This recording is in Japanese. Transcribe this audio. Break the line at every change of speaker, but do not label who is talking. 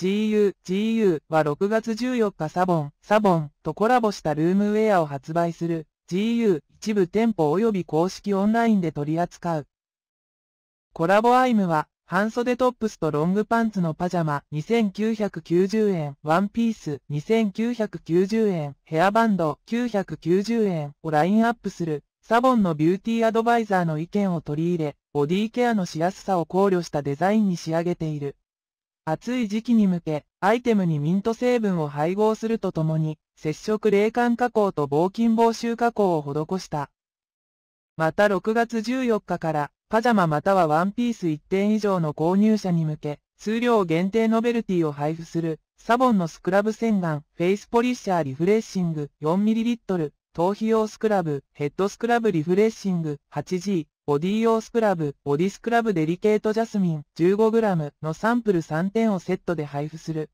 GU、GU は6月14日サボン、サボンとコラボしたルームウェアを発売する GU 一部店舗及び公式オンラインで取り扱う。コラボアイムは半袖トップスとロングパンツのパジャマ2990円、ワンピース2990円、ヘアバンド990円をラインアップする、サボンのビューティーアドバイザーの意見を取り入れ、ボディケアのしやすさを考慮したデザインに仕上げている。暑い時期に向け、アイテムにミント成分を配合するとともに、接触冷感加工と防菌防臭加工を施した。また6月14日から、パジャマまたはワンピース1点以上の購入者に向け、数量限定ノベルティを配布する、サボンのスクラブ洗顔、フェイスポリッシャーリフレッシング 4ml、頭皮用スクラブ、ヘッドスクラブリフレッシング 8G、ボディ用スクラブ、ボディスクラブデリケートジャスミン 15g のサンプル3
点をセットで配布する。